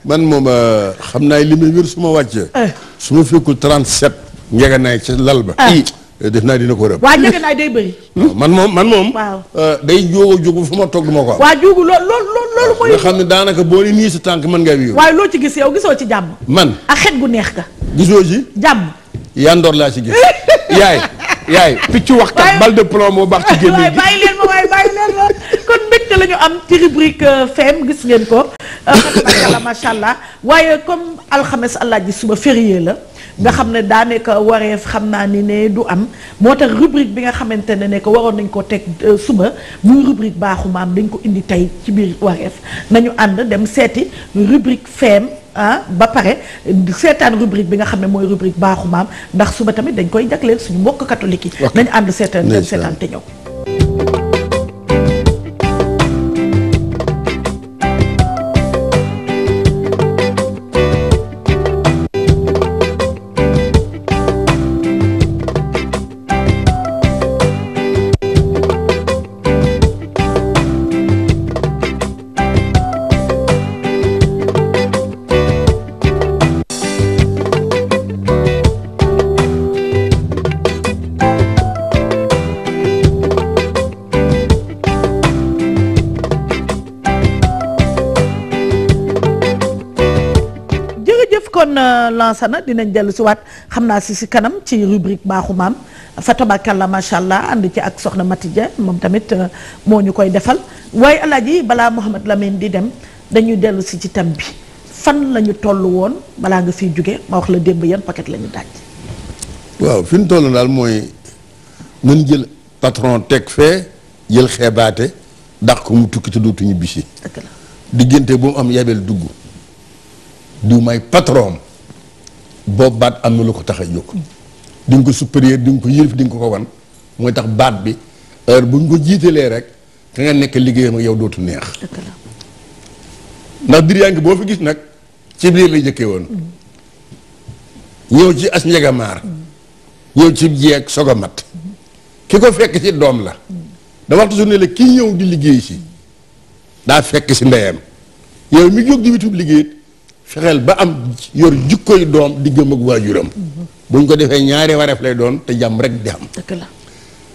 Speaker 2: man moom euh, xam naa li may wér su ma wàccee. Eh. su ma fekkul 37. njëganaay ci lal ba. Eh. Eh, def naa dina ko rëb. waa
Speaker 1: njëganaay day bëri.
Speaker 2: moom man moom. Euh, day jógoo jógu fu ma toog du ma ko am. waa loolu xam ne daanaka boo ni nii tànk mën ngaa waaye loo ci gis yow gisoo ci jàmm. man ak xet gu neex ka gisoo ci. jàmm. yandoor laa ci gis. yaay yaay picc waxkat bal de moo baax ci
Speaker 1: gémmiñ gi. bàyyi bàyyi leen ma. kon mbégte la ñu am ci rubrique euh, femme gis ngeen ko euh, macha allah waaye comme alxames allah ji suba férié la nga xam ne daanaka wareef xam naa ni ne du am moo tax rubrique bi nga xamante ne ne ko waroon nañ ko teg euh, suba muy rubrique baaxu maam dañ ko indi tey ci biir wareef nañu ànd dem seeti rubrique femme ah ba pare seetaan rubrique bi nga xam ne mooy rubrique baaxu maam ndax suba tamit dañ koy jagleel suñu mbokk catholique yi. nañu ànd seetaan seetaan te ñëw. Euh, na kon Lansana dinañ dellu si waat xam naa si si kanam ci rubrique baaxu maam fa la macha allah ànd ci ak soxna Mati Dia moom tamit euh, moo ñu koy defal waaye alaaji balaa Mouhamed Lamine di dem dañuy dellu si ci tam bi fan lañu ñu toll woon balaa nga fiy jóge ma wax la démb yan paquet la ñu daaj.
Speaker 2: waaw fi ñu toll daal mooy nañ jël patron teg fee jël xeebaate dàq ko mu tukki te dootuñu bisi diggante bu mu am yabel dugg. du may patron boobu baat am na lu ko tax a jóg di ko supérieur di nga ko yëlif di ko ko wan mooy tax baat bi heure bu ñu ko jiitalee rek ka nga nekk liggéeyam ak yow dootu neex ndax dir yaa boo fi gis nag ci biir lay jëkkee woon ñëw ci as njegamaar ñëw ci jeeg sog a mat ki ko fekk ci doom la da waxtu su ne la kii ñëw di liggéey si daa fekk si ndeyam yow mi jóg di witub liggéey fexeel ba am yor jikkoy doom diggam ak waajuram bu ñu ko defee ñaari wareef lay doon te jàmm rek di am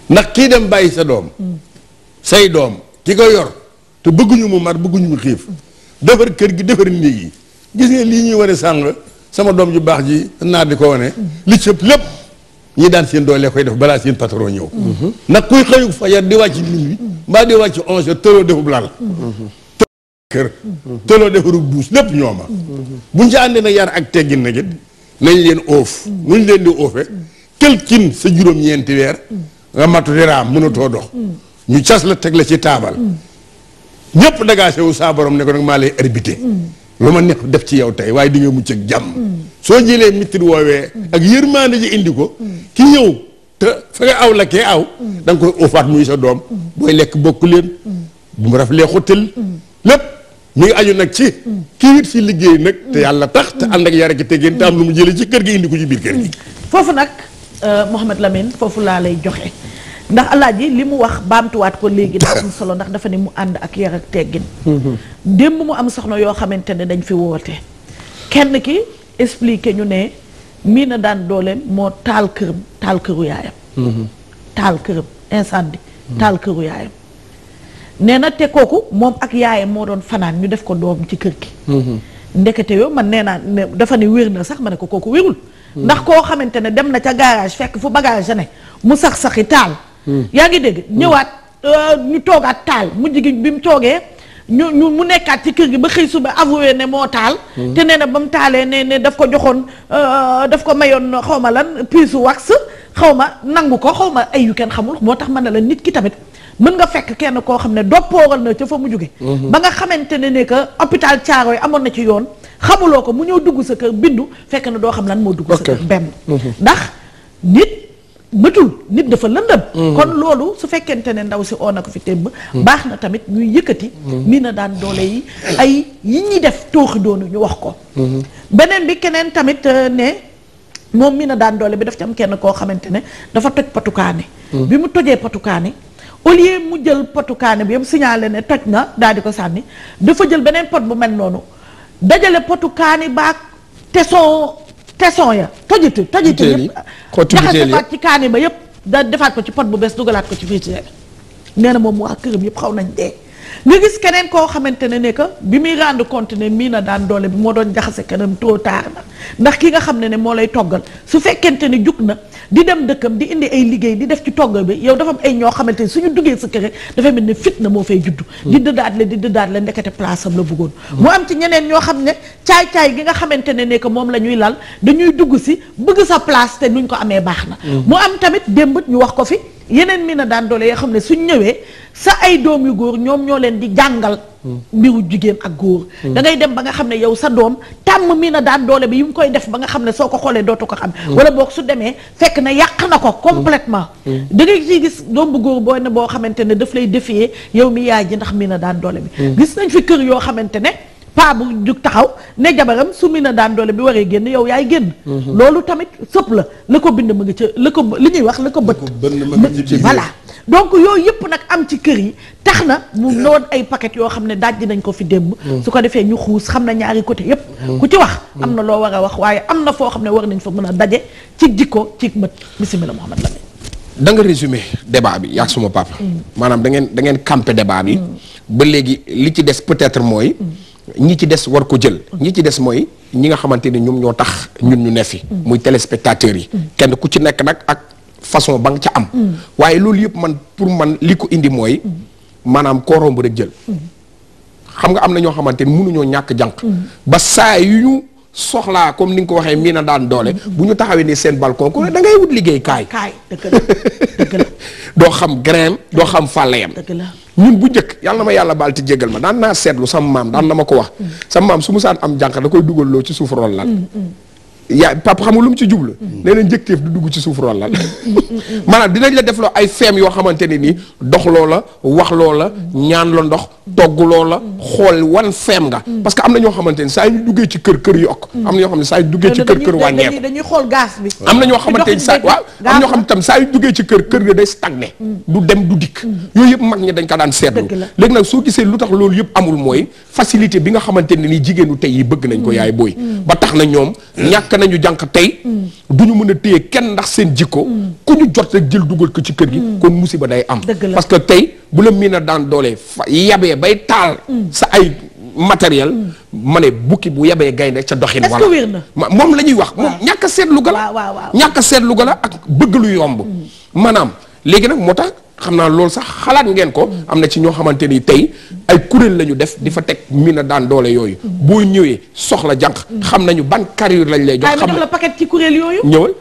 Speaker 2: ndax kii dem bàyyi sa doom mm. say doom ki ko yor te bëgguñu mu mar bëgguñu mu xiif mm. defar kër gi defar néeg yi gis nga lii ñuy wane sàng sama doom ju baax ji naar di ko wane mm. li cëpp lépp ñi daan seen doole koy def balaa seen patron ñëw nag kuy xëyu fajar di wàcc minuit mbaa di wàcc onze heures tëroo defub lal kër te loo defarul buus lépp ñooma buñ ci àndee na yar ak teggin nag it nañ leen oof nuñ leen di oofe quelqu'un sa juróom-ñeenti weer nga matu di raam mënatoo dox ñu cas la teg la ci taabal ñëpp dagaase wu saa borom ne ko nag maa lay arbité lu ma nekk def ci yow tey waaye di nga mucc ak jàmm soo jëlee mitir woowee ak yërmaande ji indi ko ki ñëw te fa nga aw la kee aw da nga koy oofaat muy sa doom booy lekk bokk leen bu mu raf lee lépp mi ngi aju nag ci kii fi liggéey nag te mm. yàlla tax te ànd ak yar ak teggin te am lu mu jëlee ci kër gi indi ko ci biir kër gi
Speaker 1: foofu nag euh, Mouhamed Lamine foofu laa lay joxe ndax alaaji li mu wax baamtuwaat ko léegi daa am solo ndax dafa ne mu ànd ak yar ak teggin mm-hmm. démb mu am soxna yoo xamante ne dañ fi woote kenn ki expliqué ñu ne mii na daan dooleem moo taal këram taal këru yaayam mm-hmm. taal këram incendie mm-hmm. taal këru yaayam nee na te kooku moom ak yaayam moo doon fanaan ñu def ko doom ci kër gi. Mm-hmm. ndekete yoo man nee naa ne dafa ne wér na sax ma ne ko kooku wérul. Mm-hmm. ndax koo xamante ne dem na ca garage fekk fu bagage ne mu sax saxi taal. Mm-hmm. yaa ngi dégg ñëwaat euh, ñu toogaat taal mu gi bi mu toogee ñu ñu mu nekkaat ci kër gi ba xëy suba avoué ne moo taal. te nee na ba mu taalee ne ne daf ko joxoon euh, daf ko mayoon xaw ma lan piisu wax xaw ma nangu ko xaw ma ay yu kenn xamul moo tax ma ne la nit ki tamit. mën nga fekk kenn koo xam ne doppooral na ca fa mu jóge mhm. ba nga xamante ne ne que caaro yi amoon na ci yoon xamuloo ko mu ñëw dugg sa kër bindu fekk na doo xam lan moo dugg sa kër benn mhm. ndax nit mëtul nit dafa lëndëm mhm. loolu su fekkente ne ndaw si oo na ko fi témb baax na tamit ñuy yëkkati nii na daan doole yi ay yi ñuy def tooxi doonu ñu wax ko beneen bi keneen tamit euh, ne moom mi na daan doole bi daf ci am kenn koo xamante ne dafa toj patukaane bi mu tojee potukaani au lieu mu jël potu kaani bi yëpp signalé ne toj na daal di ko sànni dafa jël beneen pot bu mel noonu dajale potu kaani baag teson teson ya tojitu tojitu yëpp jaxasefaat ci kaani ba yëpp da defaat ko ci pot bu bees dugalaat ko ci frigidaire nee na moom waa këram yëpp xaw nañ dee nga gis keneen koo xamante ne ne que bi muy rend compte ne mii na daan doole bi moo doon jaxase kanam trop tard na ndax ki nga xam ne ne moo lay toggal su fekkente ne jug na di dem dëkkam di indi ay liggéey di def ci toggal bi yow dafa ay ñoo xamante ne suñu duggee sa kër dafa mel ne fitna moo fay juddu. Hmm. di dëdaat le di dëdaat le ndekete place am la bëggoon. mu am ci ñeneen ñoo xam ne caay gi nga xamante ne ne que moom la ñuy lal dañuy dugg si bëgg sa place te ñu ko amee baax na. Hmm. mu am tamit démb ñu wax ko fi yeneen mi na daan doole yoo xam ne suñ ñëwee sa ay doom yu góor ñoom ñoo leen di jàngal mbiru jigéen ak góor mm. da ngay dem ba nga xam ne yow sa doom tàmm mi na daan doole bi yu mu koy def ba nga xam ne soo ko xoolee dootu ko xam mm. wala boog su demee fekk na yàq na ko complètement mm. da ngay ciy gis doom bu góor boo ne boo xamante ne daf lay défier yow mi yaay ji ndax mi na daan doole bi gis nañ fi kër yoo xamante ne paa bu jug taxaw ne jabaram su mi na daan doole bi waree génn yow yaay génn mm-hmm. loolu tamit sëpp la la ko bind ma ngi ca ko li ñuy wax la ko bët voilà donc yooyu yëpp nag am ci kër yi tax na mu noon ay paquet yoo xam ne dajji nañ ko fi démb mm. su ko defee ñu xuus xam na ñaari côté yëpp mm. ku ci wax mm. am na loo war a wax waaye am na foo xam ne war nañ fa mën a daje ci jikko ci mët bismillah Mouhamad Lamine
Speaker 4: da nga résumé débat bi yaag suma papa maanaam da ngeen da ngeen campé débat bi ba léegi li ci des peut-être mooy ñi ci des war ko jël ñi ci des mooy ñi nga xamante ni ñoom ñoo tax ñun ñu ne fi muy téléspectateurs yi kenn ku ci nekk nag façon ba nga ca am mm. waaye loolu yëpp man pour man li ko indi mooy mm. maanaam koo romb rek jël mm. xam nga am na ñoo xamante ni mënuñoo ñàkk jànq ba saa yu ñu soxlaa comme ni nga ko waxee mii na daan doole bu ñu taxawee ni seen balcon ko da ngay wut liggéey kaay doo xam grain doo xam fàlleyam ñun bu njëkk yàlla ma yàlla baal te jégal ma daan naa seetlu sama maam daan na ma ko wax sama maam su mu saan am jànq da koy dugal loo ci suuf rollal yaa papa xamul lu mu ci jublu. nee na njëkteef du dugg ci suuf rollal maanaam dinañ la def defloo ay feem yoo xamante ne nii dox loo la wax loo la ñaan la ndox togg loo la xool wan feem nga. Mm. parce que am na ñoo xamante ne saa yu duggee ci kër kër yokk. Mm. am na ñoo xam ne saa yu duggee ci kër kër wàññeeku
Speaker 1: dañuy xool gaz bi. am na ñoo xamante ne saa waaw am ñoo xam
Speaker 4: tam saa yu duggee ci kër kër ga day stagné. Mm. du dem du dikk. yooyu yëpp mag ñi dañ ko daan seetlu. léegi nag soo gisee lu tax loolu yëpp amul mooy facilité bi nga xamante ne nii jigéenu tey yi bëgg nañ ko yaay booy ba tax na ñoom nañu jànq tey mm. du ñu mën a téye kenn ndax seen jikko mm. ku ñu jot rek jël dugal ko ci kër gi mm. kon musiba day am parce que tey bu la miin daan doole fa yabee bay taal sa ay matériel ma ne bukki bu yabee gaynde ca doxin wala moom la ñuy wax moom ñàkk a seetlu gala ñàkk seetlu seetlu la ak bëgg lu yomb maanaam léegi nag moo tax xam naa loolu sax xalaat ngeen ko am na ci ñoo xamante ni tey ay kuréel la ñu def di fa teg mi na daan doole yooyu boo ñëwee soxla jànq mm. xam nañu ban carrière lañ lay jox xam la
Speaker 1: paquet ci kuréel yooyu ñëwal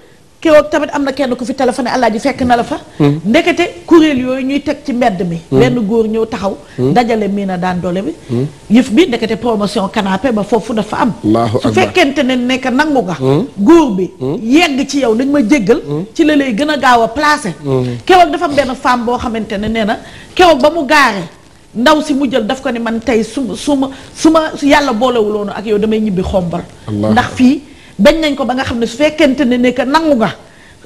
Speaker 1: keroog tamit am na kenn ku fi téléphoné alaaji fekk na la fa. Hmm. ndekete kuréel yooyu ñuy teg ci mbedd mi. Hmm. benn góor ñëw taxaw. Hmm. dajale mii na daan doole bi. yëf bi ndekete promotion canapé ba foofu dafa am. su fekkente ne nekk nangu nga. góor bi. yegg ci yow nañ ma jéggal. ci la lay gën a gaaw a placé. keroog dafa benn femme boo xamante ne nee na keroog ba mu gaare ndaw si mu jël daf ko ni man tey su su ma su ma yàlla boolewuloon ak yow damay ñibbi xombal. ndax fii. bañ nañ ko ba nga xam ne su fekkente ne ne que nangu nga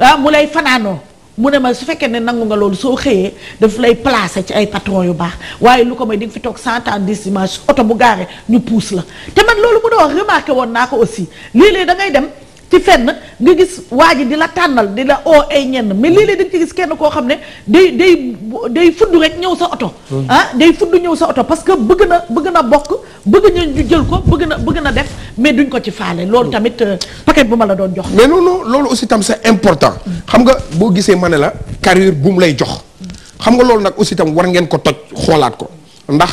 Speaker 1: ah mu lay fanaanoo mu ne ma su fekkee ne nangu nga loolu soo xëyee daf lay placé ci ay patron yu baax waaye lu ko may di fi toog cent ans dix dimanche oto bu gaare ñu puus la te man loolu mu doon remarqué woon naa ko aussi léeg-léeg da ngay dem. ci fenn nga gis waa ji di la tànnal di la oo ay ñenn mais mm. léeg-léeg ci gis kenn koo xam ne day day day fudd rek ñëw sa oto mm. ah day fudd ñëw sa oto parce que bëgg na bëgg na bokk bëgg na ñu jël ko bëgg na bëgg na def mais duñ ko ci faale loolu mm. tamit euh, paquet bu ma la doon jox
Speaker 4: mais loolu loolu aussi tam c'est important xam nga boo gisee ma ne la carrière bu lay jox xam nga loolu nag aussi tam war ngeen ko toj xoolaat ko ndax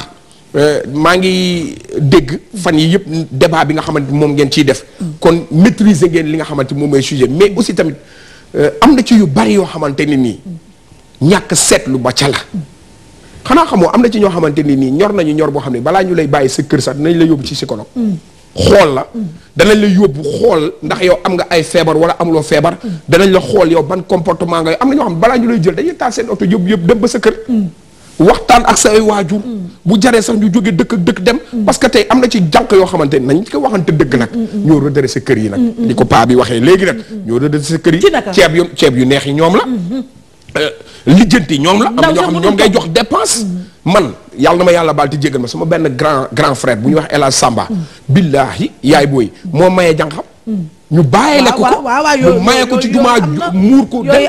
Speaker 4: Euh, maa ngi dégg fan yii yëpp débat bi nga xamante moom ngeen ciy def mm. kon maîtriser ngeen li nga xamante moom mooy sujet mais aussi tamit euh, am na ci yu bari yoo xamante ne nii ñàkk seetlu ba ca la xanaa xamoo am na ci ñoo xamante ni nii ñor nañu ñor boo xam ne balaa ñu lay bàyyi sa kër sax dinañ la yóbbu ci psychologue
Speaker 6: mm. xool la mm.
Speaker 4: danañ la yóbbu xool ndax yow am nga ay feebar wala amuloo feebar danañ la xool yow ban comportement nga yow am na ñoo xam ne balaa lay jël dañuy taal seen oto yóbbu yëpp dem ba sa kër waxtaan ak say waajur. Mm. bu jaree sax ñu jóge dëkk dëkk dem. Mm. parce que tey am na ci jànq yoo xamante ne nañ ko waxante dëgg nag. Mm, ñoo redressé kër yi nag. di ko paa bi waxee léegi nag. ñoo redressé kër yi. ceeb yu ceeb yu neex yi ñoom la. Euh, lijjanti ñoom la. am na ñoo xam ne ngay jox dépense. man yàlla ma yàlla baal ti jéggal ma sama benn grand grand frère bu ñuy wax ella Hadj Samba. billaahi yaay booy moo mayee jànqam. ñu bàyyi la ko ko mu mayee ko ci jumaa muur ko de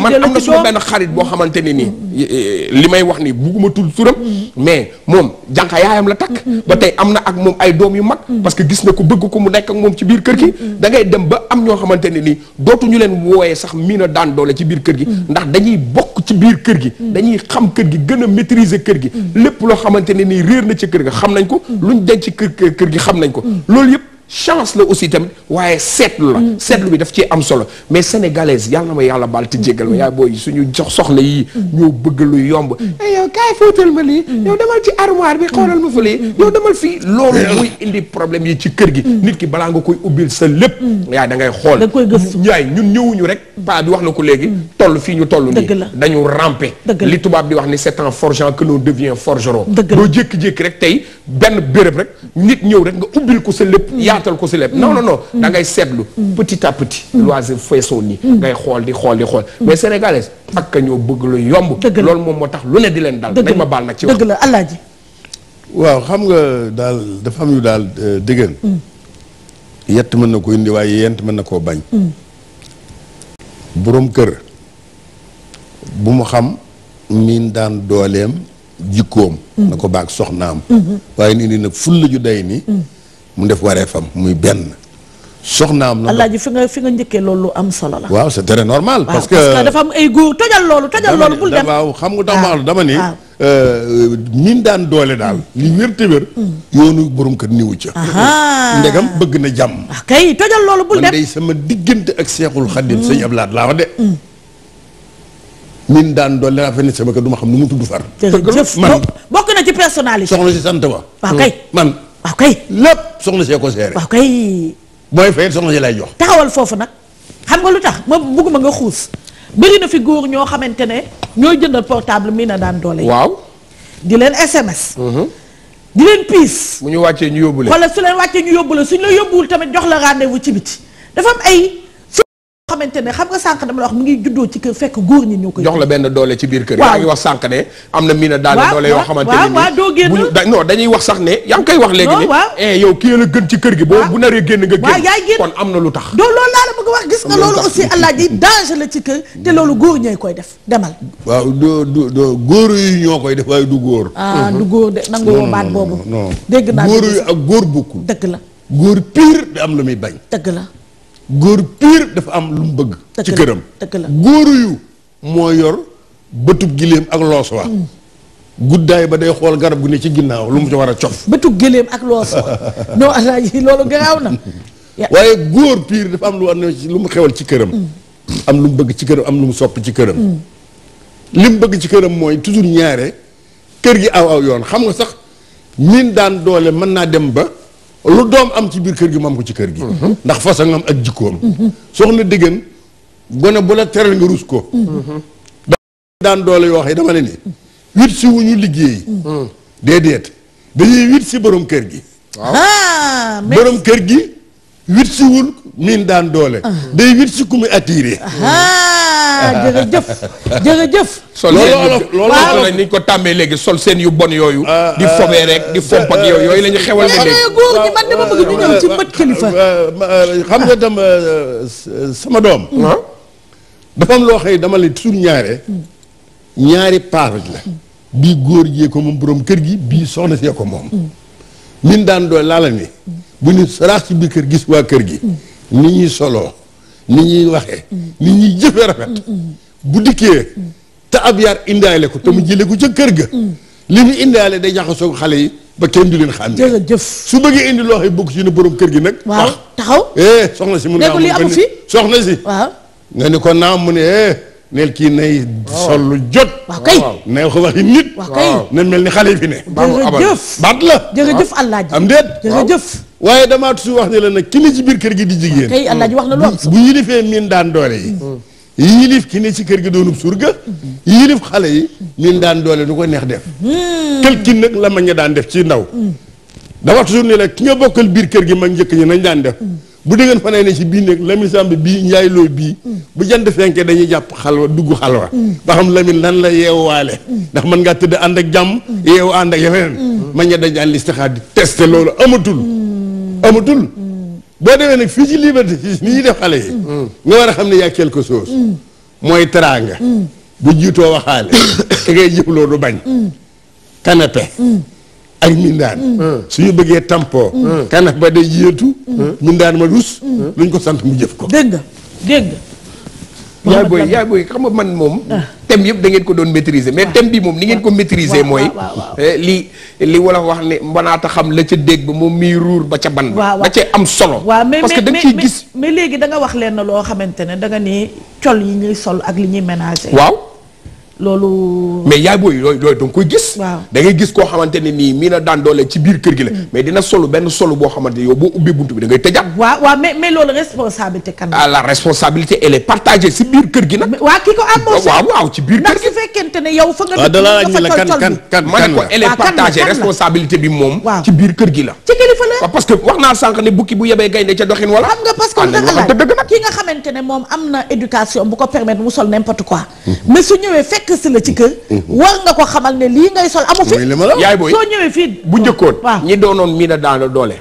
Speaker 4: man am na suma benn xarit boo xamante ne nii eh, eh, li may wax ni bugguma tudd turam mm-hmm. mais moom jànqa yaayam la takk mm-hmm. ba tey am na ak moom ay doom yu mag mm-hmm. parce que gis na ko bëgg ko mu nekk ak moom ci biir kër gi da ngay dem ba am ñoo xamante ne nii dootuñu leen wooyee sax mii na daan doole ci biir kër gi ndax dañuy bokk ci biir kër gi dañuy xam kër gi gën a maîtriser kër gi lépp loo xamante ne nii réer na ci kër gi xam nañ ko luñ denc kër kër gi xam nañ ko loolu yëpp chance la aussi tamit waaye seetlu la mm. seetlu bi daf ci am solo mais sénégalaise yàlla na ma yàlla baal ti jégal ma mm. yaay booy suñu jox soxla yii mm. ñoo bëgg lu yomb eh yow kaay fóotal ma lii yow demal ci armoire bi xoolal ma fa lii yow demal fii loolu muy indi problème yi ci kër gi nit ki balaa nga koy ubbil sa lépp yaay da ngay xool yaay ñun ñëwuñu rek paa bi wax na ko léegi tollu fii ñu toll nii dañu ramper li tubaab di wax ni c'est en forgeant que l'on devient forgeron jékki-jékki rek tey benn béréb rek nit ñëw rek nga ubbil ko sa lépp mm. yaatal ko sa lépp non mm. non non mm. da ngay seetlu petit à petit loisir façon nii ngay xool di xool di xool mais sénégalais ak ñoo bëgg lu yomb loolu moom moo tax lu ne di leen
Speaker 2: dal dañ ma baal nag ci wax dëgg la waaw xam nga daal dafa am yu daal euh, dëggan yett mën na ko indi waaye yent mën na koo bañ boroom kër bu mu xam miin daan dooleem jikkoom mm-hmm. na ko baag soxnaam mm-hmm. waaye nii nii nag fulla ju day ni mm-hmm. mu def waree fam muy benn soxnaam na alaaji
Speaker 1: fi nga fi nga njëkkee loolu am solo la
Speaker 2: waaw c'est très normal parce que dafa am ay góor tojal loolu tojal loolu bul dem waaw xam nga tax dama ni euh, ñin daan doole daal li wér wér yoonu borom kër niwu ca ndegam bëgg na jàmm ah, kay tojal loolu bul dem sama diggante ak Seexul Xadim sëñ Ablaat laa wax de min daan doon lenaa fenn sama kër du xam nu mu tudd far. jërëjëf man bokk na ci personnalité. soxna si sant ba. waaw kay mm. man. waaw kay lépp soxna see ko seere. waaw kay. mooy fay soxna si lay jox. taxawal foofu nag xam nga lu tax
Speaker 1: ma bëgguma nga xuus bëri na fi góor ñoo xamante ne ñoo jëndal portable mi na daan doole. waaw
Speaker 4: di leen SMS. Mm-hmm. di leen piis. mu ñu wàccee ñu yóbbu leen. wala su
Speaker 1: leen wàccee ñu yóbbu la suñ la yóbbuwul tamit jox la rendez-vous ci biti dafa am ay. xamante ne xam nga sànq dama la wax mu ngi juddoo ci kër fekk góor ñi ñoo koy jox la
Speaker 4: benn doole ci biir kër yaa ngi wax sànq am na miina daane doole yoo xamante ne waaw doo da non dañuy wax sax ne yaa wax léegi ne eh yow kii
Speaker 2: la gën ci kër gi boo bu naree génn nga génn kon am na lu tax
Speaker 4: doo loolu
Speaker 3: laa la bëgg
Speaker 1: wax gis
Speaker 4: nga
Speaker 1: la ci kër góor ñooy koy def demal
Speaker 2: waaw du du du góor yi ñoo koy def waaye du góor ah du góor de nangu woo baat boobu dégg naa góor yi góor bokkul dëgg la góor pire da am lu muy bañ dëgg la góor piir dafa am lu mu bëgg. ci këram góoru yu moo yor bëtub gileem ak loos wa mm. guddaay ba day xool garab gu ne ci ginnaaw lu mu ci war a cof. bëtub gileem ak loos wa non alaaji loolu garaaw na. waaye góor piir dafa am lu am lu mu xewal ci këram. Mm. am lu mu bëgg ci këram am lu mu sopp ci këram. Mm. li mu bëgg ci këram mooy toujours ñaare kër gi aw aw yoon xam nga sax miin daan doole mën naa dem ba. lu doom am ci biir kër gi mu am ko ci kër gi mhm. ndax façon am ak jikkoom soxna dëggan gone bu la teral nga rus ko mhm. daan doole yoo xam ne dama ne ni wit si wu ñu liggéey mhm. déedéet dañuy wit si borom kër gi ah, borom kër gi wit miin daan doole. day wit sukk mi attiré. jërëjëf jërëjëf. sol seen niñ ko
Speaker 4: tàmmee léegi sol seen yu bon yooyu. Ah, di ah. fobee rek di fomp ak yooyu yooyu la ñu xewal ne
Speaker 1: góor ñi man dama
Speaker 6: ah,
Speaker 2: xam nga tam sama doom. dafa am loo xëy dama lay tur ñaare. ñaari paaj la. bii góor jee ko moom borom kër gi bii soxna see ko moom. min daan doole laa la ni bu ñu saraax ci biir kër gis waa kër gi. ni ñuy soloo ni ñuy waxee ni ñuy jëfee rafet bu dikkee te ab yar indaale ko te mu jële ko ca kër ga li mu indaale day jaxasoo xale yi ba kenn du leen xam jërëjëf su bëggee indi loo xam bokk ci ne kër gi nag waaw taxaw eh soxna si mun naa li amu fi soxna si waaw nga ni ko naam mu ne eh neel kii nay sol lu jot waaw kay nay ko waxi nit
Speaker 4: waaw
Speaker 6: kay
Speaker 2: na mel ni xale yi fi ne jërëjëf baat la jërëjëf àllaaji am déet jërëjëf waaye damaa tusu wax ne la nag ki ci biir kër gi di jigéen. tey Alaaji wax na lool mm. bu yilifee miin daan doole yi. Mm. yilif ki ne ci kër gi doonub surga. yilif xale yi miin daan doole du ko neex def. tel mm. ki nag la mañ nga daan def ci ndaw. dafa tusu ne la ki nga bokkal biir kër gi mag njëkk ñi nañ daan def. bu dee ngeen fa ne ci bii nag Lamine Samb bii Ndiaye Lo bii. bu jant fenkee dañuy jàpp xalwa dugg xalwa ba xam Lamine lan la yeewaale. ndax mën ngaa tëdd ànd ak jàmm. yeewu ànd ak yeneen. ma dañ daan listixaar di testé loolu amatul. amatul. boo demee nag fii ci liberté si ni ñuy def xale yi. nga war a xam ne yaa quelque chose. mooy teraanga. bu jiitoo waxaale. ki ngay jëfloo du bañ. canapé. ak mindaan suñu bëggee tampoo. canapé
Speaker 6: ba day jiitu.
Speaker 2: mindaan ma rus. luñ ko sant mu jëf ko. dégg nga
Speaker 4: yaay booy yaay booy xam nga man moom. Ah. thème yëpp da ngeen ko doon maîtriser. mais ah. tem bi moom ni ngeen ko ah. maîtriser. mooy eh, li li wala wax ne mbanaata xam la ca dégg ba moom miy ruur ba ca ban. ba ca am solo.
Speaker 1: parce que da nga ciy gis mais léegi danga wax leen loo xamante ne danga nga ni col yi ñuy sol ak li ñuy ménager. waaw. loolu. mais
Speaker 4: yaay booy yooyu yooyu da nga koy gis. waaw da ngay gis koo xamante nii mii na daan doole ci biir kër gi la. Mm. mais dina solo benn solo boo xamante yow boo ubbee buntu bi da ngay tëjaat.
Speaker 1: waaw mais ah, ko am na éducation bu ko permettre mu sol n'importe quoi mm. mais su ñëwee fekk artiste la ci kër. Mhm. war nga ko soo
Speaker 4: ñëwee fii. bu njëkkoon ñi doonoon mii daan doole.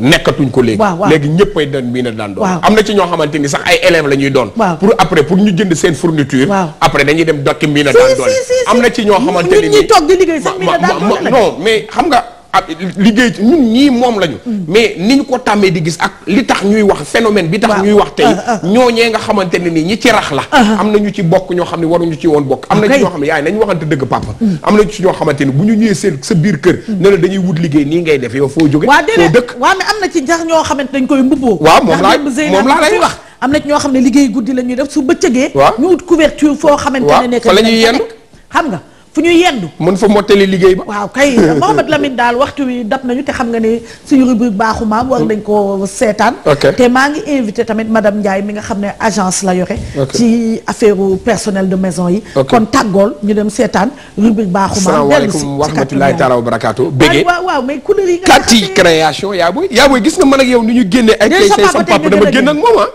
Speaker 4: nekkatuñ ko léegi. waaw léegi ñëppay doon mii na daan doole. am na ci ñoo xamante ni sax ay élèves la ñuy doon. pour après pour ñu jënd seen fourniture. après dañuy dem dokki mii daan doole. am na ci ñoo xamante ni ñun ñuy toog di liggéey sax mii daan doole non mais xam nga. ah liggéey ci ñun ñii moom lañu. Mm. mais ni ñu ko tàmmee di gis ak li tax ñuy wax phénomène bi tax ñuy wax ñoo ah, ah, ah. ñooñee nga xamante ne nii ñi ci rax la am na ñu ci bokk ñoo xam ne waruñu ci woon bokk am na ci ñoo xam ne yaay nañu waxante dëgg papa mm. am na ci bu ñu ñëwee seen sa biir kër mm. ne wut liggéey nii ngay def yow foo jóge foo
Speaker 1: dëkk waaw am na ci sax ñoo xamante dañ koy mbubboo waaw moom laa moom laa lay wax am na ci ñoo xam ne liggéey guddi la ñuy def su bëccëgee ñu wut couverture foo xamante ne nekk fa la ñuy yenn xam nga fu ñu yendu
Speaker 4: mën fa mottali liggéey ba waaw kay Mohamed
Speaker 1: Lamine daal waxtu wi dab nañu te xam nga ne suñu rubrique baaxu maam war nañ ko seetaan te maa ngi invité tamit madame Ndiaye mi nga xam ne agence la yore ci affaire personnel de maison yi kon tàggool ñu dem seetaan rubrique baaxu maam salaamaaleykum
Speaker 4: wa rahmatulahi taala wa barakaatu bégee waaw
Speaker 1: waaw mais couleur yi nga kati
Speaker 4: création yaa booy yaa booy gis na man ak yow ni ñu génnee ak tey say sa papa dama génn ak moom ah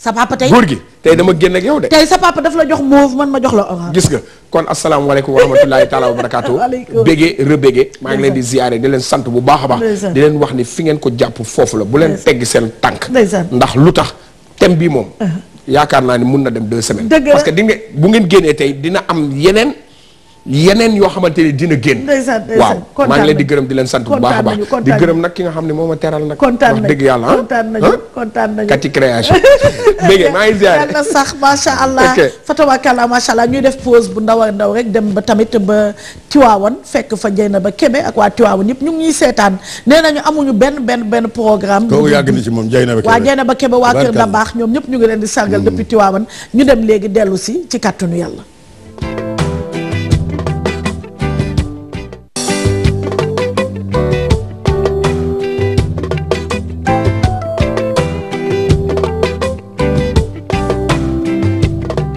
Speaker 1: sa papa tey góor gi
Speaker 4: tey dama génn ak yow de. tey
Speaker 1: sa papa daf la jox mauve man ma jox la orange.
Speaker 4: gis nga kon asalaamaaleykum wa rahmatulahi taala wa barakaatu. waaleykum bége rebége. maa ngi leen di ziare di leen sant bu baax a baax. di leen wax ni fi ngeen ko jàpp foofu la bu leen tegg seen tànk. ndax lu tax thème bi moom. Uh-huh. yaakaar naa ni mun na dem deux semaines. parce que di nga bu ngeen génnee tey dina am yeneen. yeneen yoo xamante ni dina génn waaw maa ngi leen di gërëm di leen sant bu baax a baax di gërëm nag ki nga xam ne moom a teral nag wax dëgg yàlla ah. kontaan nañu
Speaker 3: kontaan nañu
Speaker 1: kati
Speaker 4: création maa ngi ziar yàlla
Speaker 1: sax macha allah fatabakala ñuy def pose bu ndaw ndaw rek dem ba tamit ba Tiwaawan fekk fa jëyna ba Kébé ak waa Tiwaawan ñëpp ñu ngi seetaan nee nañu amuñu benn benn benn programme kooku yàgg na ci moom jëyna ba waa ba Kébé waa Kër baax ñoom ñëpp ñu ngi leen di sargal hmm. depuis Tiwaawan ñu dem léegi dellu si ci kàttanu yàlla